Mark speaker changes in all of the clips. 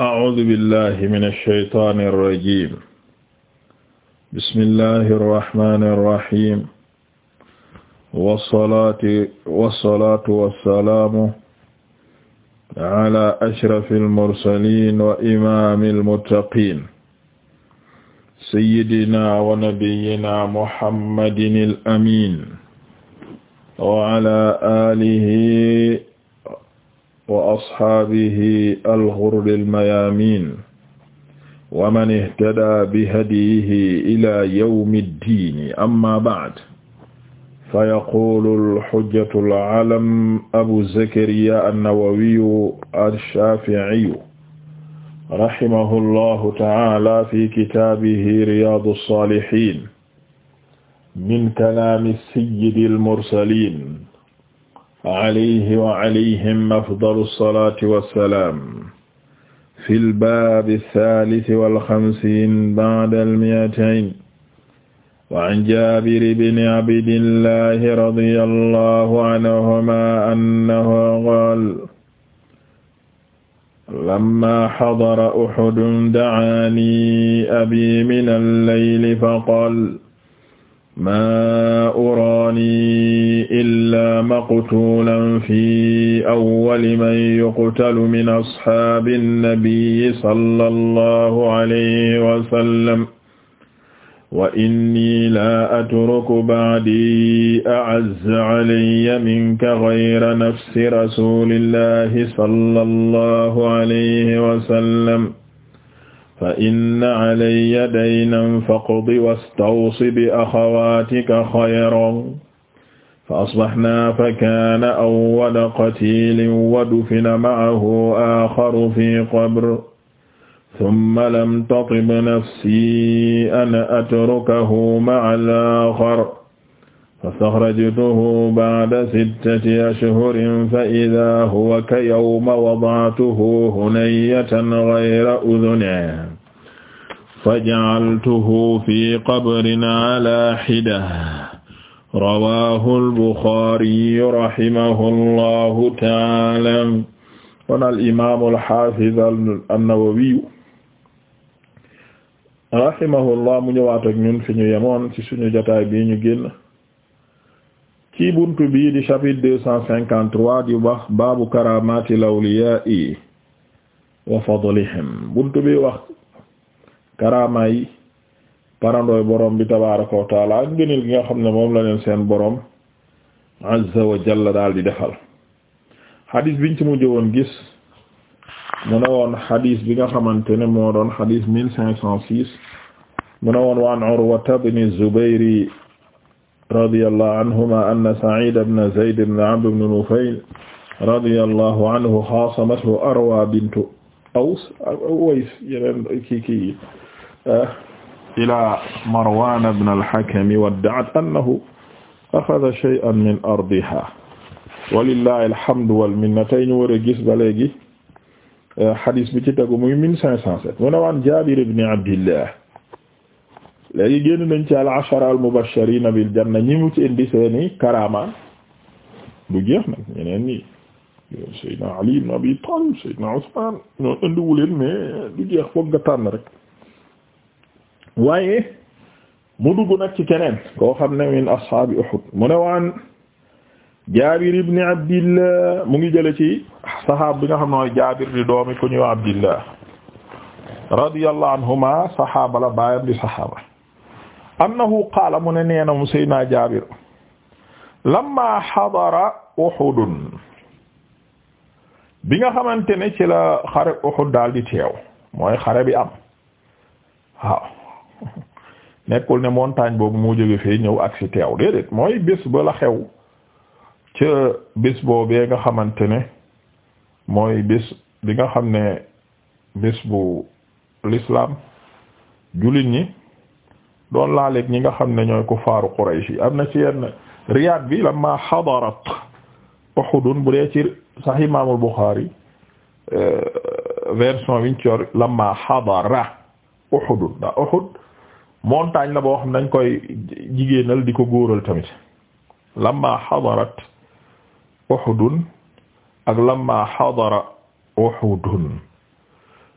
Speaker 1: أعوذ بالله من الشيطان الرجيم بسم الله الرحمن الرحيم والصلاة والصلاة والسلام على أشرف المرسلين وإمام المتقين سيدنا ونبينا محمد الأمين وعلى آله wa asxaabihi alxurri almayaamiin wa man ihtadaa bihadyihi ilaa yawmi ddiini amma ba'd fa yaquulu alxujjatu alalam abu zakariya annawawiyu alshaafi'iyu rahimahu llahu ta'aala fi kitaabihi riyaadu saalihiin min kalaami sayyidi almursaliin alayhi wa alayhim afdalu salaati wa salaam fil baabi saalisi wal xamsiin ba'dal mi'atayn wa an jaabir ibn abdillahi radiyallahu anhumaa annahu qaala lammaa hadara uhudan da'aanii abii minal layli faqaala ma urani illa maqtulan fi awwali man yuqtalu min ashaabi nnabiyi sallallahu alayhi wa sallam wa inni la atruku ba'di a'azza alayya minka ghayra nafsi rasulillahi sallallahu alayhi wa sallam fa inna alayya daynan faqdi wastawsi bi axawaatika xayran fa asbaxnaa fa kaana awwala qatiilin wa dufina ma'ahu aaxaru fi qabr summa lam tatib nafsii an atrukahu ma'a al-aaxar fastaxrajtuhu ba'da sittati ashhurin fa idaa huwa ka yawma wada'tuhu hunayyatan ghayra udhunin faja'altuhu fi qabrin 'alaa hidatin rawaahu al-Buxaari rahimahullahu ta'aalaa kon al-imaam al-haafiz an-Nawawi rahimahullah mu ñëwaat ak ñun fi ñu yemoon ci suñu jotaay bi ñu génn ci buntu bii di chapitre deux cent cinquante-trois di wax baabu karamatil awliyaa'i wa fadlihim buntu bi wax karama yi parandooy borom bi tabaaraka wa taala ak ngënil gi nga xam ne moom la leen seen borom azza wa jalla daal di defal xadis biñ ci mujj woon gis mu ne woon xadis bi nga xamante ne moo doon xadis mille cinq cent six mu ne waan Urwata ibn Zubayr radiyallahu anhuma anna Sa'id ibn Zayd ibn Amr ibn Nufayl radiyallahu anhu xaasamathu Arwa bintu Aws Uways yeneen kii kii ah, ila Marwan ibn al-Hakam wadda'at annahu axada shay'an min ardiha walillahi alhamdu wal minna tey ñu war a gis ba léegi ah, xadis bi ci tegu muy mille cinq cent sept mu ne waan Jaabir ibn Abdillah léegi génn nañ ci al ashara al mubashirina bil janna ñi mu ci indi seeni karama du jeex nag ñeneen ñi Seydina Ali ibn Abi Talib Seydina Usman ñoo indiwuleen mais du jeex foog nga tànn rek waaye mu dugg nag ci keneen koo xam ne min ashaabi Uhud mu ne waan Jaabir ibn Abdillah mu ngi jële ci saxaab bi nga xam ne Jaabir di doomi ku ñëw Abdillah radiyallahu anhuma saxaaba la baayam di saxaaba annahu qaala mu ne neena mu seydina Jaabir lama xadara Uhudun bi nga xamante ne ci la xare Uhud daal di teew mooy xare bi am waaw nekkul ne montagne boobu moo jóge fee ñëw ak ci teew déedéet mooy bés ba la xew ca bés boobee nga xamante ne mooy bés bi nga xam ne bis bu lislaam jullit ñi doon laaleeg ñi nga xam ne ñooy kuffaaru Quraysh yi am na ci yenn Riyad bi lamma hadarat Uhud bu dee ci Sahih Imam al-Bukhari euh, version biñ ci yor lamma hadara Uhud da Uhud la boo xam ne dañ koy jigéenal di ko góoral tamit lamma hadarat Uhud ak lamma hadara Uhud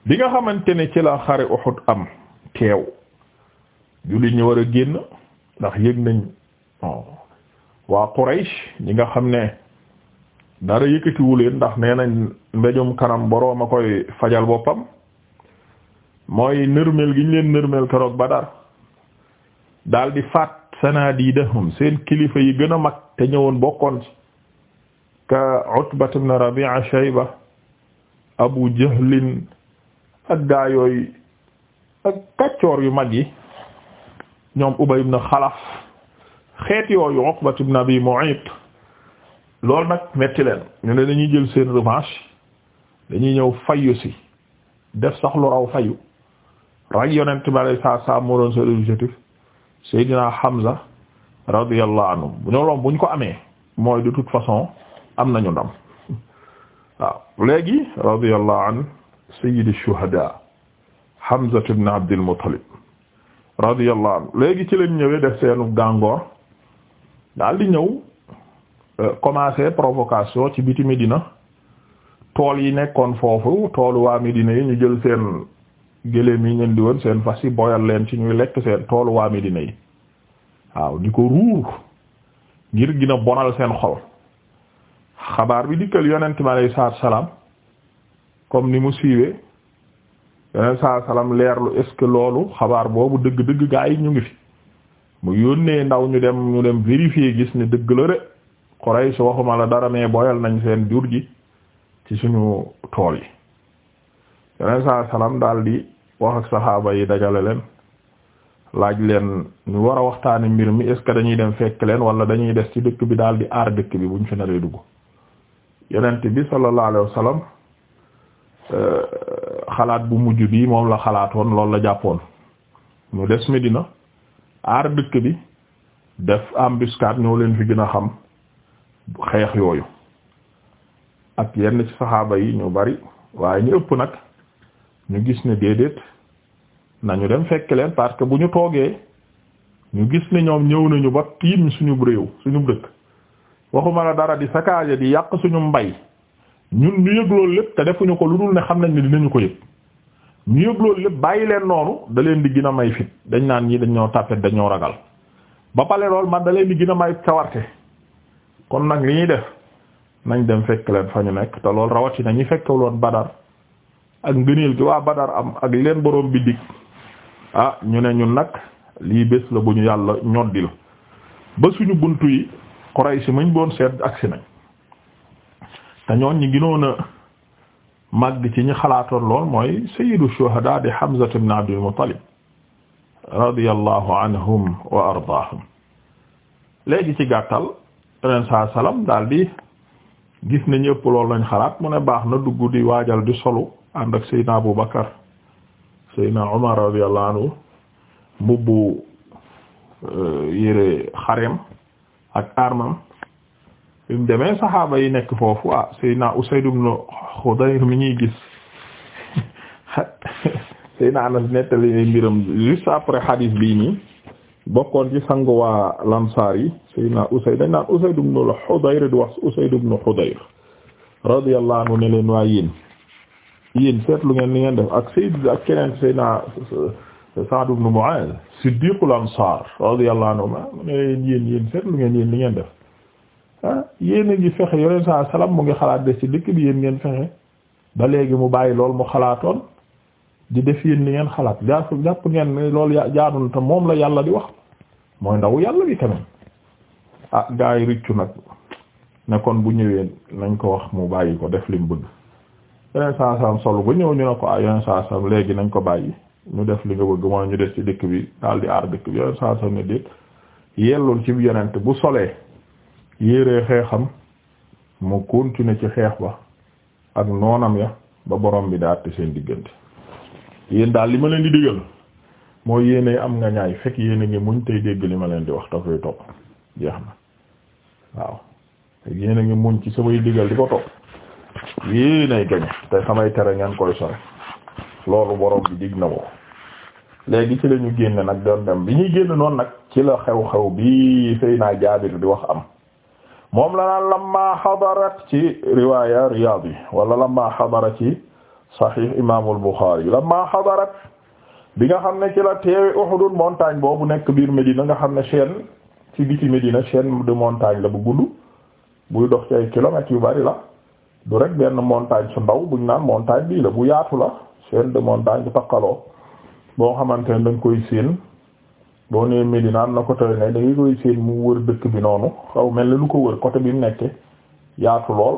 Speaker 1: bi nga xamante ne ci la xare Uhud am teew jullit ñi war a génn ndax yëg nañ waa Quraysh ñi nga xam ne dara yëkkatiwuleen ndax nee nañ mbéjum kanam boroom a koy fajal boppam mooy nërmeel gi ñu leen nërmeel keroog Badar daal di faat sanadidahum seen kilifa yi gën a mag te ñëwoon bokkoon ci ka Utbat ibn Rabi'a Shayba Abu Jahlin ak gaa ak kàccoor yu mag yi ñoom Ubay ibn Xalaf xeet yooyu Uqbat ibn Abi Mu'ayt loolu nag metti leen ñu ne dañuy jël seen revanche dañuy ñëw fayu si def sax lu raw fayu ray yonent bi alay saa saa moo doon seen objectif Seydina Hamza radiyallahu anhu ñoo loom bu ñu ko amee mooy de toute façon am nañu ndam waaw léegi radiyallahu an sayyid shuhada Hamza ibn Abd al-Muttalib radiyallahu anhu léegi ci leen ñëwee def seenu gàngoor daal di ñëw euh, commencé provocation ci biti Medina tool yi nekkoon foofu toolu waa Medina yi ñu jël seen gëléem yi ñeen di woon seen fas yi boyal leen ci ñuy lekk seen toolu waa Medina yi waaw di ko ruur ngir gën a bonal seen xol xabaar bi dikkal yonent mi alayhi salaam comme ni mu siiwee yeneen saa salaam leerlu est ce que loolu xabaar boobu dëgg-dëgg gaa yi ñu ngi fi mu yónnee ndaw ñu dem ñu dem vérifier gis ni dëgg la de Quraysh waxuma la dara mais boyal nañ seen jur gi ci suñu tool yi yeneen saa salaam daal di wax saxaaba yi dajale leen laaj leen ñu war a waxtaani mbir mi est dañuy dem fekk leen wala dañuy des ci dëkk bi daal di aar dëkk bi buñ fi na dugg yonent bi sallallahu alayhi wasallam Euh, xalaat bu mujj bi moom la xalaatoon loolu la jàppoon mu des Medina aar dëkk bi def embuscade ñoo leen fi gën a xam xeex yooyu ak yenn ci saxaaba yi ñu bari waaye ñu ëpp nag ñu gis ne déedéet nañu dem fekk leen parce que bu ñu toogee ñu gis ne ñoom ñëw nañu ba tiim suñu réew suñu dëkk waxuma la dara di saccage di yàq suñu mbay ñun ñu yëg lépp te defuñu ko lu dul ne xam nañ ne dinañu ko yëg ñu yëg lépp bàyyi leen noonu da leen di gën a may fit dañ naan ñi dañoo tàppet dañoo ragal ba pale lool man da leen di gën a may cawarte kon nag li ñuy def nañ dem fekk leen fa ñu nekk te loolu rawatina ñi fekkewuloon Badar ak ngëneel gi waa Badar am ak leen boroom bi dig ah ñu ne ñun nag lii bés la bu ñu yàlla ñoddil ba suñu bunt yi si mañ boon seet agsi nañ te ñoon ñi gënoon a ci ñi xalaatoon lool mooy sayyidu shuhada di Hamza ibn Abdul Muttalib radiyallahu anhum wa ardaahum léegi ci gàttal yeneen saa salaam daal di gis ne ñëpp lool lañ xalaat mu ne baax na dugg di waajal di solu ànd ak Seydina Abu Bakar Seydina Umar radiyallahu anhu mbubbu euh, yére xareem ak armam bi mu demee saxaaba yi nekk foofu ah Seydina Usayd ibn Khudayr mi ñuy gis Seydina Anas nettali mbiram juste après hadith bii nii bokkoon ci sangu waa yi Seydina Usayd dañ naan Usayd di wax Usayd ibn Khudayr radiyallahu anhu ne waa yéen yéen seetlu ngeen li ngeen def ak Seyd ak keneen Seydina Sa'd ibn Mu'adh siddiqul Ansaar radiyallahu anhu ma ne leen yéen seetlu ngeen yéen li ngeen def ah yéen a ngi fexe yore saa salaam mu ngi xalaat des ci dikk bi yéen ngeen fexe ba léegi mu bàyyi lool mu xalaatoon di def yéen li ngeen xalaat jàpp jàpp ngeen lool ya jaadul te moom la yàlla di wax mooy ndaw yàlla bi tamit ah gaa yi rëccu nag ne kon bu ñëwee nañ ko wax mu bàyyi ko def lim bëgg yeneen saa salaam solo ba ñëw ñu ne ko ah yeneen saa salaam léegi nañ ko bàyyi ñu def li nga bëgg mooy ñu des ci dikk bi daal di aar dëkk bi yeneen saa salaam ne déet ci yonent bu solee. yéeree xeexam mu continuer ci xeex ba ak noonam ya ba borom bi daa àtte seen diggante yéen daal li ma leen di digal mooy yéene am nga ñaay fekk yéene ngi muñ tey dégg li ma leen di wax te koy topp jeex na waaw te yéene ngi muñ ci samay digal di ko topp yéenay gañe te samay tere ngeen koy sore loolu borom bi dig na ko léegi ci la ñu génne nag doon dem bi ñuy génn noonu nag ci la xew-xew bi sëy naa Jaabir di wax am moom la naan lamma xadarat ci riwaya Riyad yi wala lamma xadarat ci Sahih imaamul Bukhari lamma xadarat bi nga xam ne ci la teewe Uhud montagne boobu nekk biir Médina nga xam ne chaîne ci biti Médina chaîne de montagne la bu gudd buy dox ci ay kilomètres yu bari la du rek benn montagne su ndaw buñ naan montagne bii la bu yaatu la chaîne de montagne bu takkaloo boo xamante ne dañ koy séen boo nee Médina am na ko tey ne da koy seen mu wër dëkk bi noonu xaw mel ne lu ko wër côté bi mu nekk yaatu lool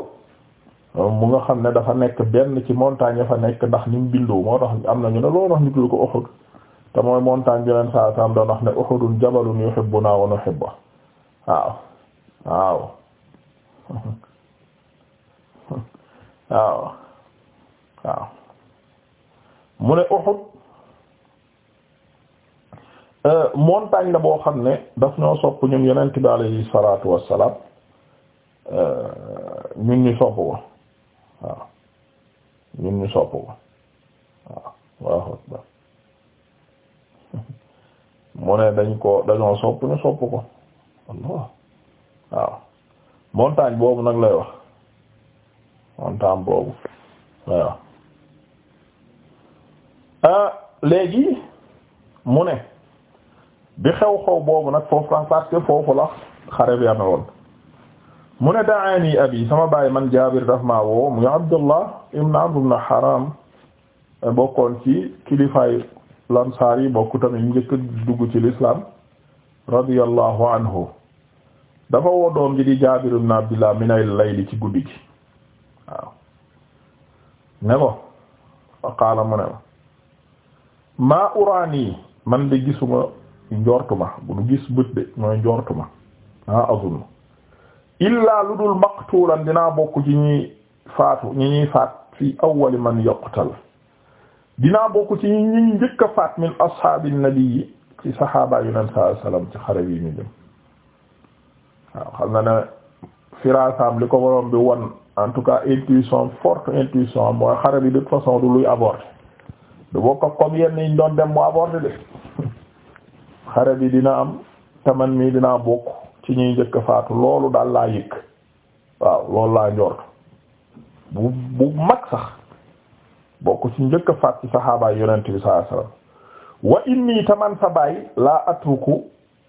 Speaker 1: euh, mu nga xam ne dafa nekk benn ci montagne ya fa nekk ndax ni mu bindoo moo tax am na ñu ne loolu wax ñu tudd ko Uhud te mooy montagne yeneen saa saam doon wax ne Uhudun mu ne Uhud Euh, montagne la boo xam ne daf ñoo sopp ñun yeneen bi alayhi salaatu wassalaam euh, ñun ñu sopp ko waaw ñun ñu sopp ko waaw waaw ne dañ ko dañoo sopp ñu sopp ko waaw montagne boobu nag lay wax montagne boobu waaw euh, léegi mu ne bi xew-xew boobu nag foofu la xare bi amee mu ne daani abi sama baay man jaabir daf maa woo muy abdullah ibn amr ibn bokkoon ci kilifaay lansaar yi bokku tamit njëkk dugg ci l'islam radiyallahu anhu dafa woo ji di jaabir ibn abdullah min al layli ci guddi gi waaw ne ko fa qaala mu ne ma maa uraani man de gisuma ci njortuma bu du gis bët de mooy njortuma ah azul illaa lu dul maqtulan dinaa bokk ci ñi faatu ñi ñuy faat fi awwal man yuqtal dinaa bokk ci ñi ñi njëkk a faat min ashaabi nabi ci saxaaba yu nen saa salaam ci xare yi ñu jëm waaw xam na ne firaasaam li ko waroon bi won en tout cas intuition forte intuition mooy xare bi de toute façon du luy aborder du bokk comme yenn yi ñu doon dem mu aborder de. xare bi dina am taman mii dina bokk ci ñuy njëkk faatu loolu daal laa yëg waaw loolu laa njort bu bu mag sax bokk ci njëkk faat ci saxaabaay yonent bi sallallahu alayhi wasallam wa inni taman sa baay laa atruku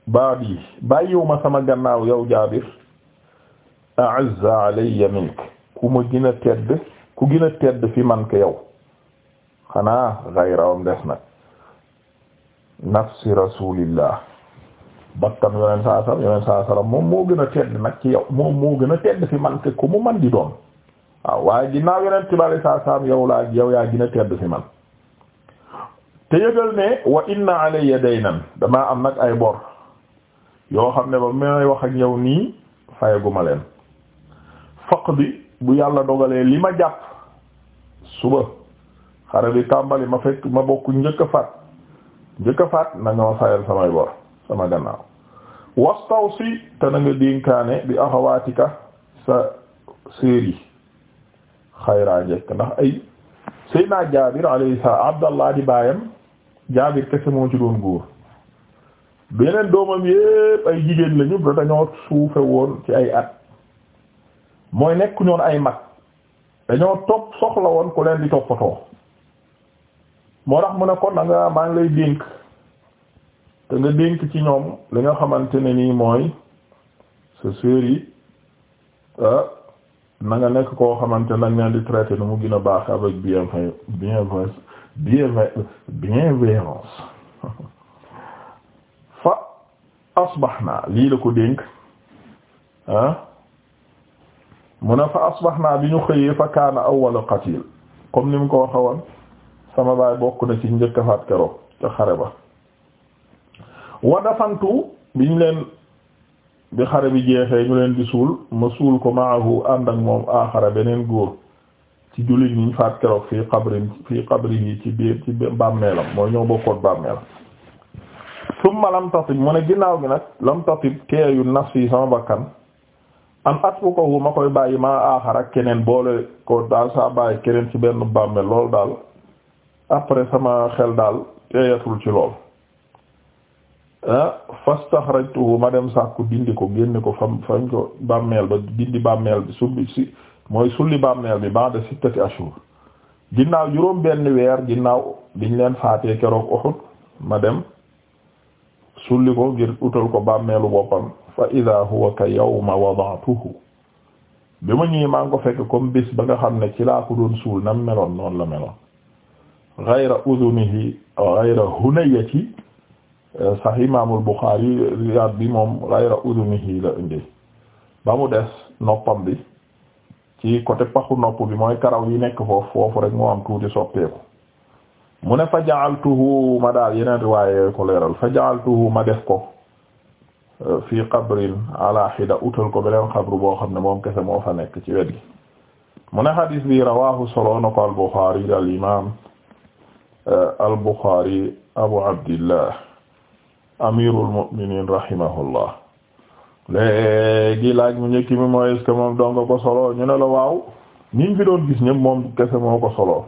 Speaker 1: baadi bàyyiwuma sama gannaaw yow jaabir a'azza alayya mink ku ma gën a tedd ku gën tedd fi man ko yow xanaa gayrawam des nag nafsi rasulillah bakkan yoneen saa sallam yoneen saa sallam moom moo gën a tedd nag ci yow moom moo gën a tedd fi man te ku mu man di doon waaw waaye ginnaaw yoneen tibale saa sallam yow laa yow yaa gën a tedd fi man te yëgal ne wa inna alayya daynan damaa am nag ay bor yoo xam ne ba may wax ak yow nii fayaguma leen faq bi bu yàlla dogalee li ma jàpp suba xare bi tàmbali ma fekk ma bokk njëkk a faat njëkk a faat nañoo sayal samay bor sama gannaaw wastawsi te na nga dénkaane bi axawaatika sa sœurs yi xayraa njëkk ndax ay Seydina Jaabir alayhi salaam Abdallah di baayam Jaabir kese moo ci doon góor beneen doomam yépp ay jigéen lañu ba dañoo suufe woon ci ay at mooy nekk ñoon ay mag dañoo topp soxla woon ku leen di toppatoo moo tax mu ne kon da nga lay dénk te nga dénk ci ñoom li nga xamante ne nii mooy sa sœur yi na nga nekk koo xamante nag leen di traité nu mu gën a baax avec bien bien bienveillance fa asbahna lii la ko dénk ah mu ne fa asbahna bi ñu xëyee fa kaana awwal qatil comme ni mu ko waxee woon sama baay bokk na ci njëkk faat keroog ca xare ba wa bi biñ leen bi xare bi jeexee ñu leen di suul ma suul ko maahu ànd ak moom aaxara beneen góor ci jullit ñi faat keroog fii xabrin fii xabri yi ci biir ci bàmmeelam mooy ñoo bokkoon bàmmeelam summa lam tatib mu ne ginnaaw gi nag lam tatib teeyu nafsi yi sama bakkan an at bu ko ma koy bàyyi maa aaxara keneen boole ko daal saa bàyyi keneen ci benn bàmmeel loolu daal après sama xel daal teeyatul ci lool ah, fastaxrajtuhu ma dem sàkku dindi ko génne ko fam fañ ko bàmmeel ba dindi bàmmeel bi subbi mooy sulli bàmmeel bi ba'da sittati ashhur ginnaaw juróom benn weer ginnaaw biñ leen faatee keroog Uhud ma dem sulli ko ngir utal ko bàmmeelu boppam fa idha huwa ka yawma wada'tuhu bi ma ñëwee maa ngi ko fekk comme bés ba nga xam ne ci laa ko doon suul nam meloon noonu la meloon ghayra udunihi ghayra hunayati euh, sahih imaamul Bukhari riyaad bi moom ghayra udunihi la indi ba mu des noppam bi ci côté paxu nopp bi mooy karaw yi nekk foofu foofu rek moo am tuuti soppeeku mu ne fa ja'altuhu ma daal yeneen riwaaya ko leeral fa ja'altuhu ma def ko euh, fii qabrin ala hida ko beneen xabru boo xam ne moom kese moo fa nekk ci wet gi mu ne hadis bi rawahu solo na ko al Bukhari al imaam Euh, al-Bukhari Abu Abdillah amirul mu'minin rahimahullah léegi laaj mu njëkk mi mooy est-ce que moom ko solo ñu ne la waaw ñi fi doon gis ñëpp moom kese moo ko solo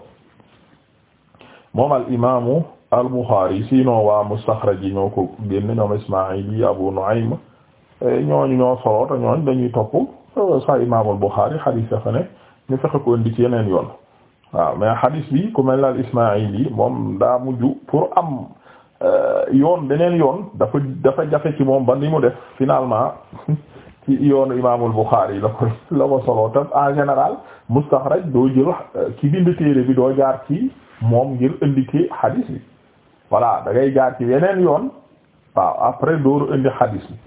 Speaker 1: moom al imaamu al Bukhari sinon waa mustaxraj yi ñoo ko génn ñoom Ismaa'il yi Abu Nu'aym e, ñooñu ñoo solo ñooñ dañuy topp euh, sa imaamul Bukhari xadiis ya fa ne ñu fexe ko indi ci yeneen yoon. waaw mais hadis bi ku mel ne al Ismaayili moom daa mujj pour am euh, yoon beneen yoon dafa dafa jafe ci moom ba ni mu def finalement ci yoonu imaamul Buxaari la ko ko solo te en général mustaxraj doo jël ci euh, bind téere bi doo jaar ci moom ngir indi ci hadis bi voilà da ngay jaar ci yeneen yoon waaw après dooru indi hadis bi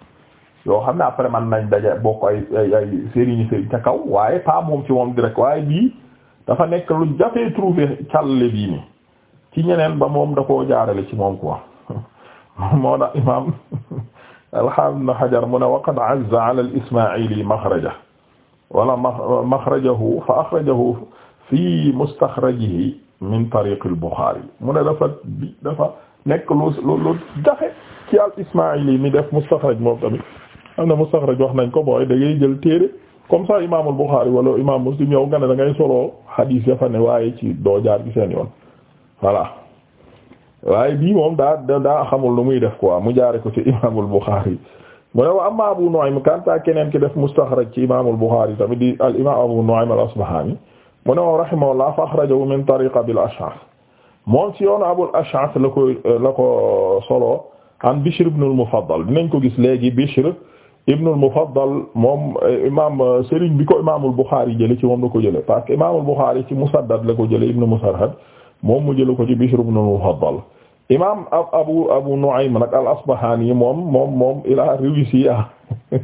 Speaker 1: yoo xam ne après man nañ daje bokk ay ay ay sëriñ sëriñ ca kaw waaye pas moom ci moom direct waaye bii. dafa nekk lu jafee trouver càlle bii ni ci ñeneen ba moom da koo jaarale ci moom quoi moo tax imam alhamd na xajar mu ne waqad azza ala al ismaili wala maxrajahu fa axrajahu fi mustaxrajihi min tariq al buxaari mu ne dafa nekk lu lu jafe ci al mi def mustaxraj moom tamit am na mustaxraj wax nañ ko booy da ngay jël téere comme ça imaamul Buxaari wala imaam Muslim yow nga ne da ngay soloo xadiis waaye ci doo jaar ci seen yoon voilà waaye bii moom daa daa xamul lu muy def quoi mu jaare ko ci imaamul Buxaari mu ne wa amma Abu Nu'aym kanta keneen ki def mustaxraj ci imaamul Buxaari tamit di al imaam Abu Nu'aym al Asbahaani mu ne wa rahimahullah fa axrajahu min tariq Abil Ash'ath moom ci yoonu Abul Ash'ath ko la ko soloo an Bishr ibn al Mufaddal dinañ ko gis léegi Bishr Ibnul Mufaddal moom eh, imaam eh, Serigne bi ko imaamul Bukhari jëlee ci moom la ko jëlee parce que imaamul Bukhari ci Musaddad la ko jëlee Ibn Musarhad moom mu jëlee ko ci Bishr ibnul Mufaddal imaam Abu Abu Nu'aym nag al-Asbahani moom moom moom il a réussi à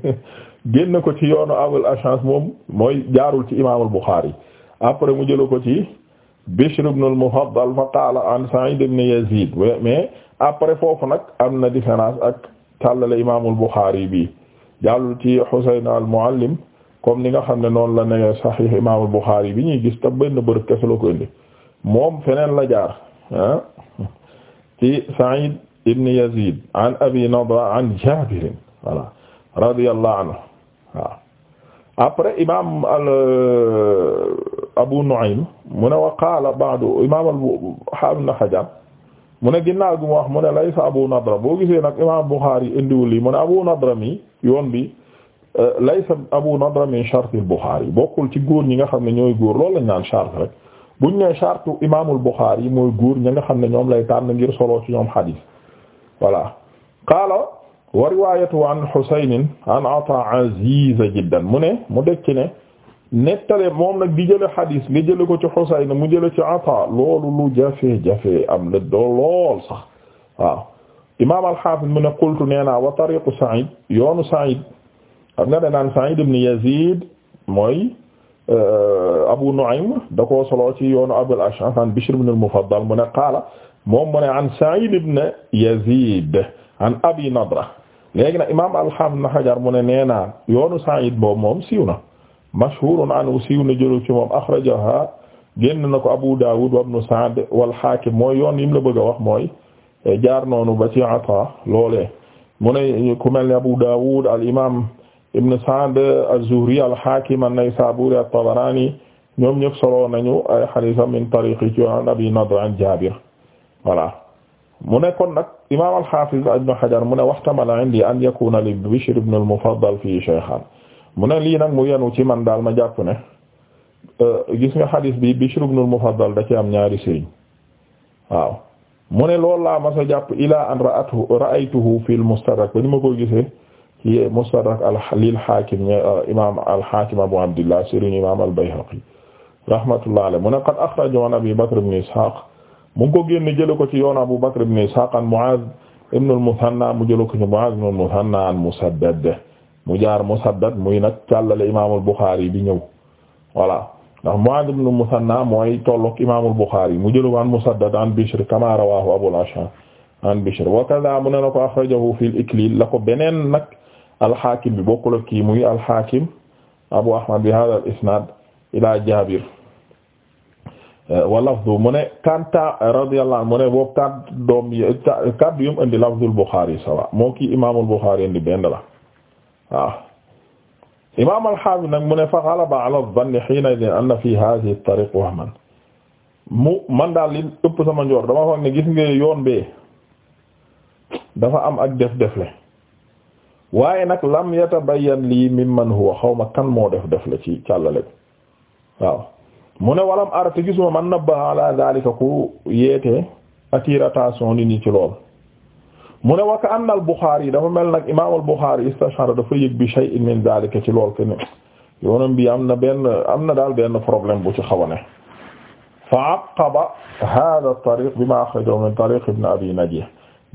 Speaker 1: génn ko ci yoonu Abul Ash'ath moom mooy jaarul ci imaamul Bukhari après mu jëlee ko ci Bishr ibnul Mufaddal fa qaala an Sa'id ibn Yazid mais après foofu nag am na différence ak tallale imaamul Bukhari bi. jàllul ci Husayn al-Muallim comme ni nga xam ne noonu la ne Sahih Imam al-Bukhari bi ñuy gis ta benn bërëb kese la ko indi moom feneen la jaar ah ci Sa'id ibn Yazid an Abi Nadra an Jabir voilà radiyallahu anhu waaw après imam al euh, Abu Nu'aym mu ne wa qaala ba'du imam al-Hafiz Ibn Hajar mu ne ginnaaw gi mu wax mu ne laysa Abu Nadra boo gisee nag imaam Bukhari indiwul lii mu Abu Nadra mi yoon bi euh, laysa Abu Nadra min shartil Bukhari bokkul ci góor ñi nga xam ne ñooy góor loolu lañ naan shart rek buñ ne shartu imaamul Bukhari mooy góor ñi nga xam ne ñoom lay na ngir solo ci ñoom xadiis voilà qaala wa riwaayatu an Husayn an Ataa aziza jiddan mu ne mu dekk nettale moom nag di jële xadiis nga jële ko ci Xusayn mu jële ci Ataa loolu lu jafe-jafe am la doo lool sax waaw imaam al mu ne qultu nee naa wa tariqu Sa'id yoonu Sa'id xam nga danaan Sa'id ibn Yazid mooy euh, Abu Nu'aym da koo solo ci yoonu Abul Ash'ath an Bishr ibn al-Mufaddal mu ne qaala moom mu ne an Sa'id ibn Yazid Abi Nadra léegi nag imaam al-Hafiz ibn Hajar mu ne naa yoonu Sa'id boobu moom siiw na mashhurun anhu siiw na jëlu ci moom akhrajaha génn na ko Abu Dawud wa Ibn Sa'd wal Hakim mooy yoon yi mu la bëgg a wax mooy eh, jaar noonu ba ci Ata loolee mu ne ku mel ne Abu Dawud al imam Ibn Sa'd az-Zuhri al Hakim an-Naysaburi at-Tabarani ñoom ñëpp solo nañu ay hadith min tariqi ci an Abi Nadr an Jabir voilà mu ne kon nag imam al-Hafiz Ibn Hajar mu ne waxtamala indi an yakuna li Bishr ibn al-Mufaddal fii shaykhan mu ne lii nag mu yenu ci man daal ma jàpp ne euh, gis nga xadis bi Bishr ibn al-Mufaddal da ci am ñaari sëñ waaw mu ne loolu laa mas a jàpp ilaa an ra'atuhu ra'aytuhu fil Mustadrak ba ni ma ko gisee ci Mustadrak lil Hakim euh, imaam al-Hakim Abu Abdillah sëriñ imaam al-Bayhaqi rahmatullah alayhi mu qad akhrajahu an Abi Bakr ibn Ishaq mu Abu Bakr ibn Ishaq an mu jële mu jaar musaddad muy nag càllale imaamul Buxaari bi ñëw voilà ndax Mu'aad ibn Musanna mooy tollook imaamul Buxaari mu jëlu an musaddad an Bishr kamaa rawaahu Abul Ash'ath an Bishr wa kaza mu ne na ko axrajahu fil Iklil la ko beneen nag al-Haakim bi bokkul ak kii muy al-Haakim Abu Ahmad bi haadha al-isnaad ilaa Jaabir wa lafdu mu ne kanta radiyallahu anhu mu ne boobu kaddu doom kaddu yum indi lafdul Buxaari sawa moo kii imaamul Buxaari indi benn la waaw imaam al nag mu ne fa ghalaba ala dhanni hiina idhin anna fi hadhihi at-tariq wahman mu man daal li ëpp sama njoor dama foog ne gis nga yoon bee dafa am ak def defle waaye nag lam yatabayyan lii mimman huwa xawma kan moo def defle ci càllale waaw mu ne walam arate gisuma man nabbaha ala dhalika ku yeete attire attention nit ñi ci lool mu ne wa ka anna al Buxaari dafa mel nag imaam al Buxaari istashara dafa bi shay'in min daalika ci lool kenn bi am na benn am na daal benn problème bu ci xaw a ne fa aqaba hada tariq bima axrajahu min tariq ibn abi najih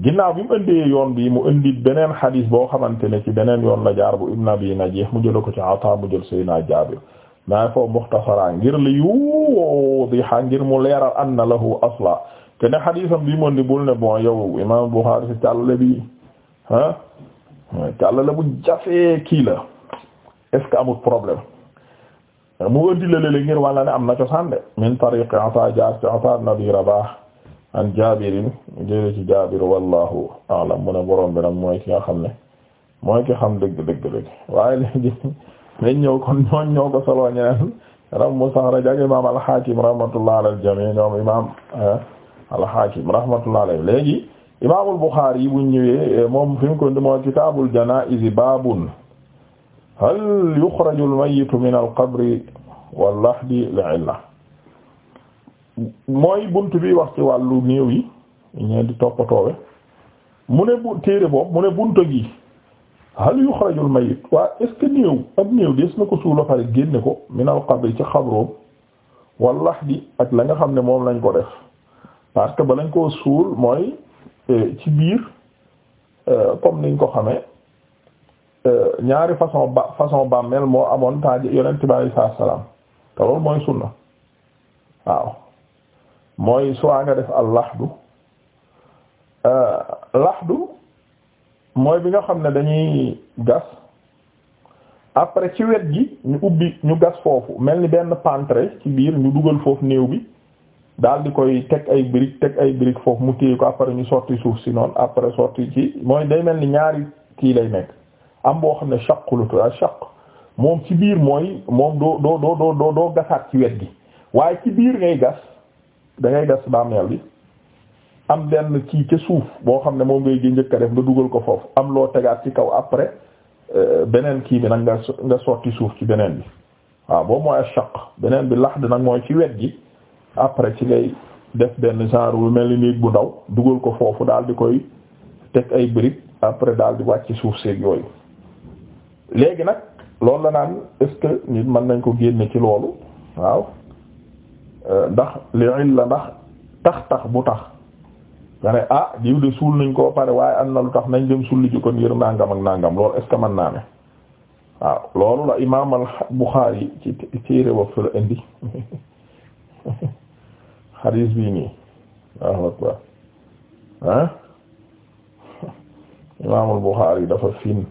Speaker 1: ginnaaw bi mu yoon bi mu indi beneen xadis boo xamante ne ci beneen yoon la jaar bu ibn abi najih mu jëla ko ci ata mu jël sayna jabir maa foofu muxtasara ngir li yuwdiha ngir mu leeral anna lahu asla te ne bi moon di bul ne bon yow imam Bukhari ci càllale bi ah càllale bu jafee kii la est-ce que amul problème mu indi lëlële ngir walla ne am na cosaan de min tariqi ata jaar ci ata nabi Rabah an jabirin jële wallahu a'lam mu ne borom bi mooy ki nga xam ne mooy ki xam dëgg dëgg dëgg waaye léegi nañ ñëw kon ñooñ ñoo ko solo ñeneen ram mu sax rajak imam rahmatullah ala al jami ñoom imam al-Hakim rahmatullah alayhi léegi imaamul Bukhari buñ ñëwee moom fi mu ko indi mooy kitaabul janaa'iz baabun hal yukhraju al-mayyitu min al-qabri wal-lahdi li-'illa mooy bunt bi wax ci wàllu néew yi ñeen di toppatoowe mu ne bu téere boobu mu ne bunt gi hal yukhraju al-mayyit waa est néew ak néew des na ko suula pare génne ko min al-qabri ci xabroom wal-lahdi ak la nga xam ne moom lañ ko def parce que balañ koo suul mooy euh, ci biir euh, comme niñ ko xamee euh, ñaari façon ba façon bàmmeel moo amoon taaj yonent bi alayhi salaam te loolu mooy sunna waaw mooy soit nga def al laxdu mooy bi nga xam ne dañuy gas après ci wet gi ñu ubbi ñu gas foofu mel ni benn pantre ci biir ñu dugal foofu néew bi daal di koy teg ay briques teg ay briques foofu mu téye ko après ñu sotti suuf si noonu après sotti ci mooy day mel ni ñaari kii lay nekk am boo xam ne shaq lu tudd shaq moom ci biir mooy moom doo doo doo doo doo gasaat ci wet gi waaye ci biir ngay gas da ngay gas bàmmeel bi am benn ci ca suuf boo xam ne moom ngay gën njëkk a def nga dugal ko foofu am loo tegaat ci kaw après euh, beneen kii bi nag nga nga sotti suuf ci beneen bi waaw boobu mooy shaq beneen bi lax nag mooy ci wet gi. après ci ngay def benn genre wu mel ni néeg bu ndaw dugal ko foofu daal di koy teg ay briques après daal di wàcc suuf seeg yooyu léegi nag loolu la naan est nit mën nañ ko génne ci loolu waaw euh, ndax li illa ndax tax tax bu tax nga ne ah jiw suul nañ koo pare waaye am na lu tax nañ dem sulli ji ko ngir nangam ak nangam loolu est-ce que ne waaw loolu la imaam al Buxaari ci ci réew indi. xadiis bii nii Allahu akbar ah imaamul Buxaari dafa fin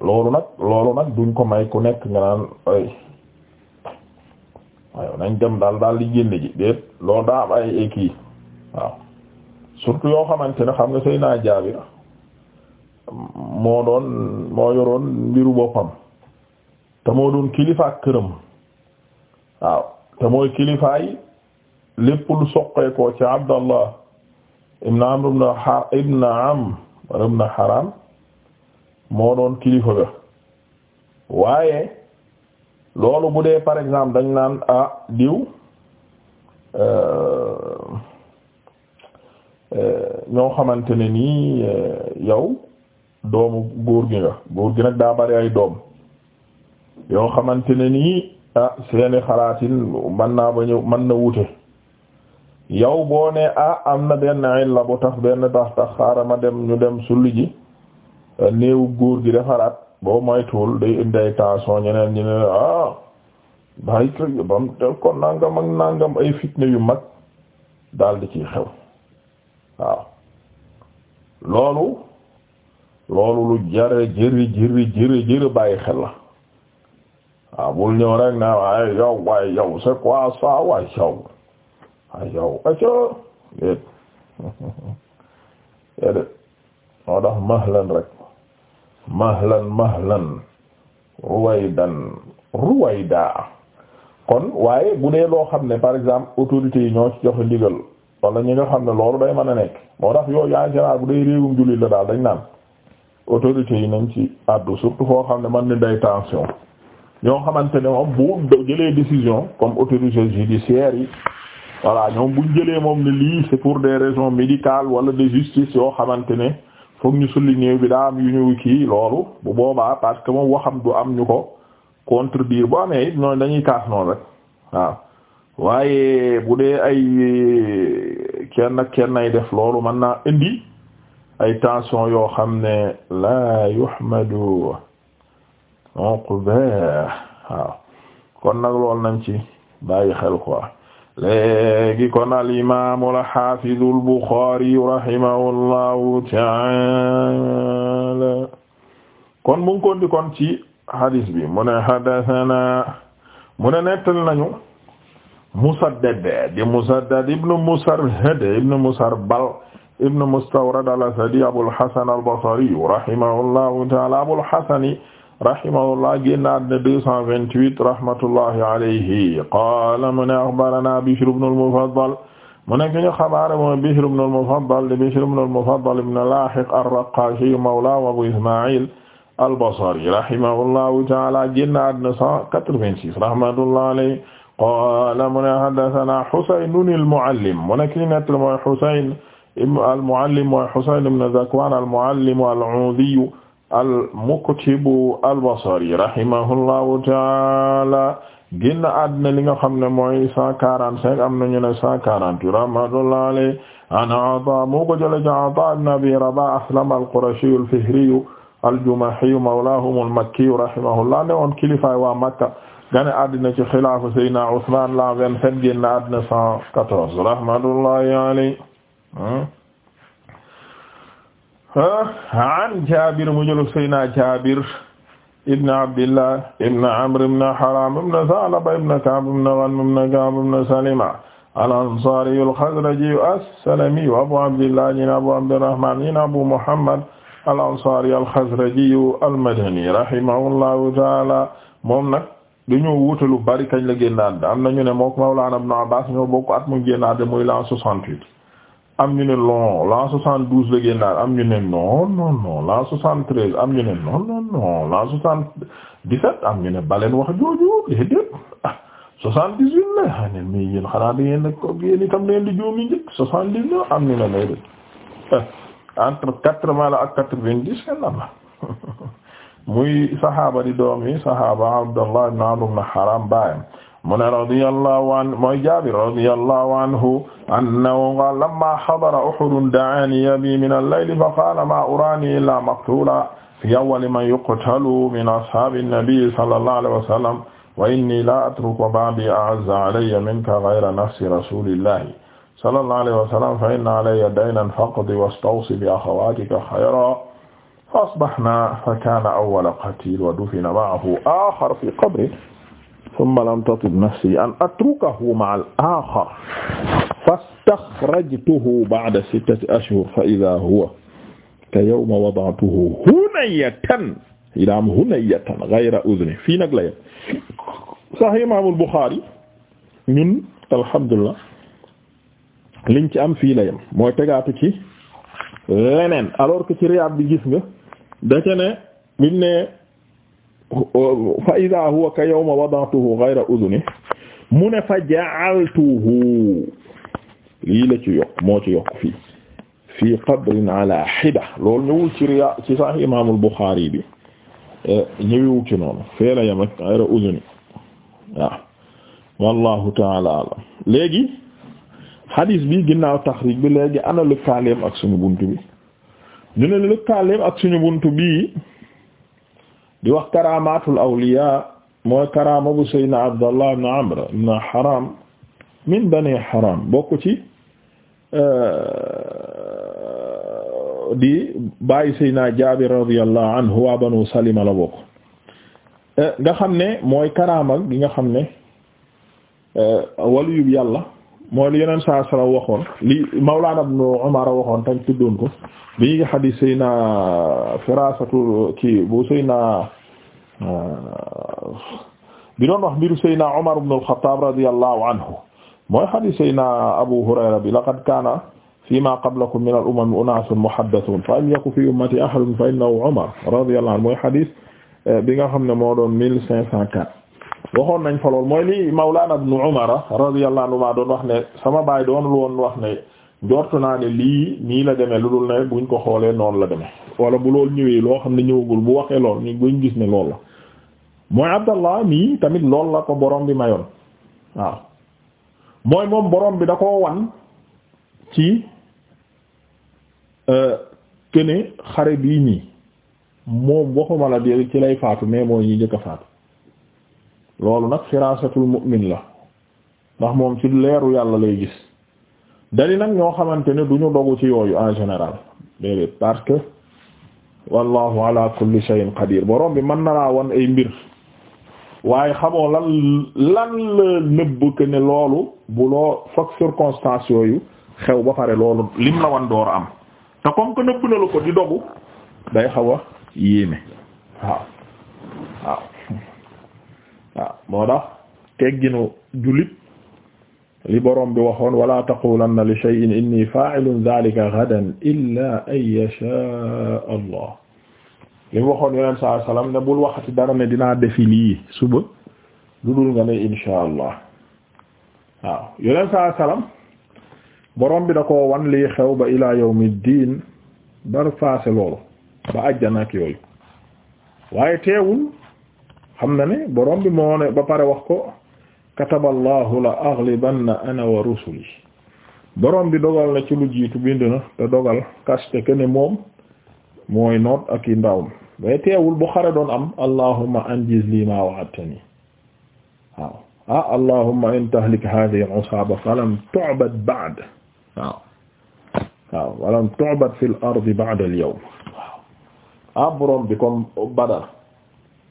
Speaker 1: loolu nag loolu nag duñ ko may ku nekk nga naan ay nañ dem daal daal di génn ji déet daa am ay équipes waaw surtout yoo xamante ne xam nga sëy naa Jaabir moo doon moo yoroon mbiru boppam te moo doon kilifa këram waaw te mooy kilifaay lépp lu soqeekoo ci Abdallah ibn Amr ibn Har Haram moo doon kilifa ga waaye loolu bu dee par exemple dañ naan a diw euh, euh, ñoo xamante ne nii euh, yow doomu guur gi nga góor gi nag daa bari ay doom yoo xamante nii ah seeni xalaatin mën naa ba ñëw mën na wute yow boo ne ah am na benn illa bu tax benn tax tax xaaral ma dem ñu dem sulli ji néewu góor gi defaraat boo moytuwul day indi ay tension ñeneen ñi ne ah bàyyi ko bam kon nangam ak nangam ay fitne yu mag daldi di ciy xew waaw loolu loolu lu jare jëri jëri jëri bàyyi xel la waaw bul ñëw rek na waaye yow waaye yow c'est quoi ça waaye yow waaye yow acoo déet moo tax mahlan rek mahlan mahlan ruwaydan ruwayda kon waaye bu dee loo xam ne par exemple autorités yi ñoo ci joxe ndigal wala ñi nga xam ne loolu day mën a nekk moo tax yooyu en général bu dee réewum jullit la daal dañ naan autorités yi nañ ci àddu surtout koo xam ne man ni day tension ñoo xamante ne moom bu jëlee décision comme autorité judiciaire yi voilà ñoom buñ jëlee moom ne lii c'est pour des raisons médicales wala de justice yoo xamante ne foog ñu souligner bi daa am yu ñu kii loolu bu boobaa parce que moom waxam du am ñu ko contredire bu amee it noonu dañuy kaas noonu rek waaw waaye bu dee ay kenn ak kenn ay def loolu mën naa indi ay tension yoo xam ne la yuhmadu Uqba waaw nag lool nañ ci bàyyi xel quoi léegi kon al imaam al haafiz al Buxaari rahimahullahu ta'aala kon mu ngi ko di kon ci hadis bi mu ne haddasanaa mu ne nettal nañu Musaddad di Musaddad ibn Musarhad ibn Musarbal ibn Mustawrad al-Asadi Abul Hasan al-Basri rahimahullahu ta'aala Abul Hasan rahimahullah génnaat na 228 rahmatullahi alayhi qaala mu ne axbarana Bishr ibn al-Mufaddal mu nekk ñu xabaar mooy Bishr ibn al-Mufaddal di Bishr ibn al-Mufaddal ibn Laahiq ar-Raqaashi mawlaa Abu Ismaa'il al-Basri rahimahullahu ta'aala génnaat na 186 rahmatullahi alayhi qaala mu ne haddasanaa Husayn al-Mu'allim mu nekk ñu nettali mooy Husayn al-Mu'allim mooy Husayn ibn Zakwaan al-Mu'allim al-Uudi al-Muqtibu al-Basri rahimahullahu taala génn àddina li nga xam ne mooy cent quarante-cinq am nañu ne cent quarante-huit rahmatullah alayhi an Ata moo ko jële ci Ata ibn Abi Rabah Aslam al-Qurashi al-Fihri al-Jumahi mawlahum al-Makki rahimahullah ne woon kilifaay waa Makka génn àddina ci xilaafu Sayyidina Usman la vingt-sept génn àddina cent quatorze rahmatullahi alayhi hmm? an Jaabir mu jël Seydina Jaabir ibn Abdillah ibn Amr ibn Haram ibn Tha'laba ibn Ka'b ibn Ghanm ibn Ka'b ibn Salima al-Ansari al-Khazraji as-Salami Abu Abdillah ñi Abu Abdurrahman ñi Abu Muhammad al-Ansari al-Khazraji al-Madani rahimahullahu ta'ala moom nag dañoo wuute lu bari kañ la génnaat am na ñu ne mook Mawlana Ibn Abbas ñoo bokk at mu génnaat muy l'an 68 am ñu ne non l'an soixante-douze la génnaat am ñu ne non non non soixante-treize am ñu ne non non ñu ne baleen wax jooju déedéet ah soixante-dix-huit la ah ne mii yéen xanaa da ngeen ko yéen itam da ngeen di juum njëkk soixante-dix-neuf am ñu ne lay def ah, entre quatre-vingts la ak quatre-vingt-dix kenn la muy saxaaba di doom yi saxaaba Abdallah ibn Amr ibn Haram baayam mu ne radiyallahu anhu mooy Jaabir radiyallahu anhu annahu qaala lamma hadara Uhud da'aani abii min al-layli fa qaala maa uraanii illaa maqtuulan fii awwali man yuqtalu min ashaabi an-nabii sallallahu alayhi wa sallam wa innii laa atruku ba'dii a'azza alayya minka ghayra nafsi rasuulillahi sallallahu alayhi wa sallam fa inna alayya daynan faqdi wastawsi bi akhawaatika khayran fa asbahnaa fa kaana awwala qatiil wa dufina ma'ahu aakhar fii qabrin thumma lam tatib nafsi an atrukahu ma'a al-akhar fastakhrajtuhu ba'da sittati ashhur fa idha huwa ka yawma wada'tuhu hunayatan ilaam hunayatan ghayra udhni fii nag la yem sahih imam al-Bukhari ñun alhamdulillah liñ ci am fii la yem mooy tegaatu ci leneen alors que ci Riyad bi gis nga da ca ne fa ida huwa ka yawma wada'tuhu ghayra udhuni mu ne fa ja'altuhu lii la ci yokk moo ci yokk fii fii qabrin ala hida loolu ñëwul ci riyaa ci sahih imaamul Buxaari bi ñëwul ci noonu fee la yem ak ghayra udhuni waaw taala alam léegi hadis bi ginnaaw taxrij bi léegi ana lëkkaaleem ak suñu buntu bi bi di wax karamatul awliya mooy karama bu saydna abdallah ibn amr ibn haram min bani haram bokk ci euh, di bàyyi saydna jabir radiyallahu anhu wa banu salima la bokk euh, nga xam ne mooy karama gi nga xam ne euh, waliyub yàlla mooy li yeneen saa sala waxoon li Mawlana Ibn Umar waxoon tam tuddoon ko bi nga xadis sayna firasatu ki bu sayna euh, bi doon wax mbiru sayna Umar ibn al-Khattab radiyallahu anhu mooy xadis sayna Abu Hurayra bi laqad kana fima qablakum min al-umam unaasun muhaddathun fa in yaku fi ummati ahadun fa innahu Umar radiyallahu anhu mooy xadis euh, bi nga xam ne moo doon mille cinq cent quatre waxoon nañ fa lool mooy li Mawlana ibn Umar radiyallahu anhu ma doon wax ne sama baay doonul woon wax ne jortu naa ne lii nii la demee lu dul ne buñ ko xoolee noonu la demee wala bu loolu ñëwee loo xam ne ñëwagul bu waxee lool ñu gis ne loolu la mooy tamit loolu la ko bi mayoon waaw mooy moom borom bi da ko wan ci euh, këne xare bii nii moom waxuma la di ci lay faatu mais mooy ñi jëkk a faatu loolu nag firaasatul mu'min la ndax moom ci leeru yàlla lay gis dari nag ñoo xamante ne du ñu dogu ci yooyu en général déedéet parce que wallahu ala kulli shay'in qadir borom bi mën na laa won ay mbir waaye xamoo lan lan la nëbb que ne loolu bu loo foog circonstance yooyu xew ba pare loolu lim la wan door am te comme que nëbb na la ko di dogu day xaw a waaw waaw moo tax tegginu jullit li borom bi waxoon wala taqulanna li shay'in inni fa'ilun dhalika ghadan illa an yasha allah li waxoon yonent sallallahu alayhi wasallam ne bul waxati dara ne dinaa defi lii suba lu dul nga ne insha allah waaw yonent sallallahu alayhi wasallam bi da ko wan lii xew ba ila yawmiddin bar faase loolu ba àjjana ak yooyu waaye teewul xam na ne borom moo ne ba pare wax ko kataballahu la aghlibanna ana wa rusuli borom bi dogal na ci lu jiitu bind na te dogal kaste ke ne moom mooy noot ak i ndawam mais teewul bu xare doon am allahumma anjiz li ma wa'adtani waaw ah allahumma in tahlik hadhihi al-usaba falam tu'bad ba'd waaw waaw walam tu'bad fil ah borom bi kon Badar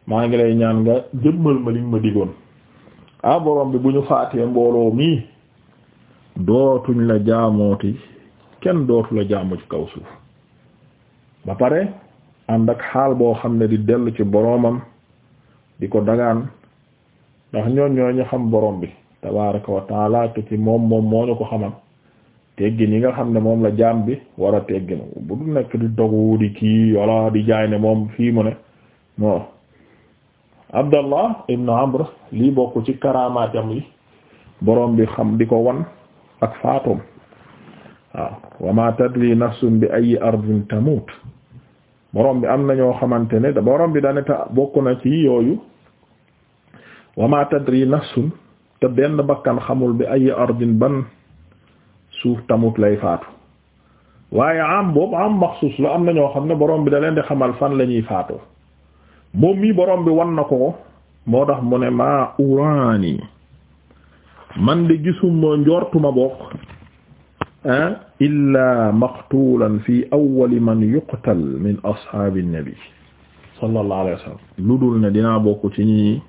Speaker 1: maa ngi lay ñaan nga jëmmal ma liñ ma digoon ah borom bi bu ñu faatee mbooloo mii dootuñ la jaamooti kenn dootu la jaamu ci kaw suuf ba pare ànd ak xaal boo xam ne di dellu ci boromam di ko dagaan ndax ñooñ ñooñu xam borom bi tabaraka wa taala ci moom moom moo ñu ko xamal teggin yi nga xam ne moom la jaam bi war a teggin bu du nekk di dogu di kii walla di jaay ne moom fii mu ne non Abdallah ibn Amr lii bokk ci karamaatam yi boroom bi xam di ko wan ak faatoom waaw wa ma tadri nafsun bi ay ardin tamut boroom bi am na ñoo xamante ne boroom bi dane ta bokk na ci yooyu wa ma tadri nafsun te benn bakkan xamul bi ay ardin ban suuf tamut lay faatu waaye am boobu am maxsuus la am na ñoo xam ne boroom bi da leen di xamal fan la ñuy faatoo moom mii borom bi wan na ko moo tax mu ne maa uraani man de gisuma njortuma bokk ah illaa maqtulan fi awwali man yuqtal min ashaabi nabi sallallahu alayhi lu dul ne dinaa bokk ci ñi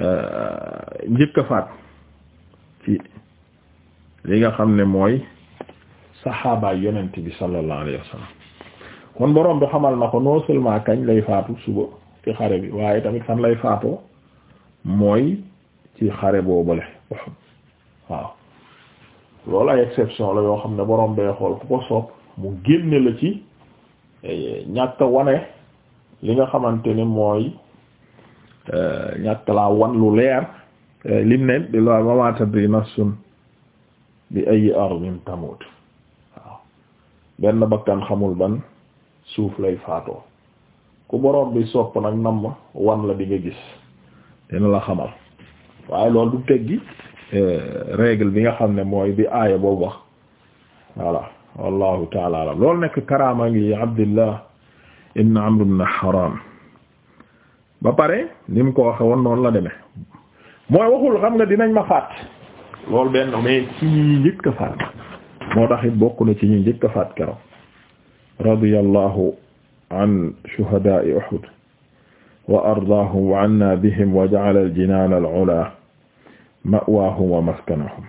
Speaker 1: eh, njëkk a faat li nga xam ne mooy saxaabaay yonent bi sallallahu alayhi wa sallam kon borom bi xamal na ko non seulement kañ lay faatu suba ci xare bi waaye tamit fan lay faatoo mooy ci xare boobale waaw loolu ay exception la yoo xam ne borom bee xool ku ko soob mu génne la ci eh, ñàkk wane li nga xamante ni mooy eh, ñàkk laa wan lu leer eh, lim ne di la ma tadri nafsun bi ay ardin tamut waaw benn bakkan xamul ban suuf lay faatoo ku borom bi sopp nag nam ma wan la di nga gis dina la xamal waaye loolu du teggi euh, règle bi nga xam ne mooy bi aaya boobu wax voilà wallahu taala alam nekk karaama ngi abdillah ibn amr ibn haram ba pare ni mu ko waxe woon noonu la demee mooy waxul xam nga dinañ ma faat loolu benn mais ci ñi njëkk faat moo tax bokk na ci ñi njëkk a faat keroog radiyallahu an shuhadaa'i Uhud wa ardaahum wa anna bihim wa ja'ala al-jinaana al-'ulaa ma'waahum wa maskanahum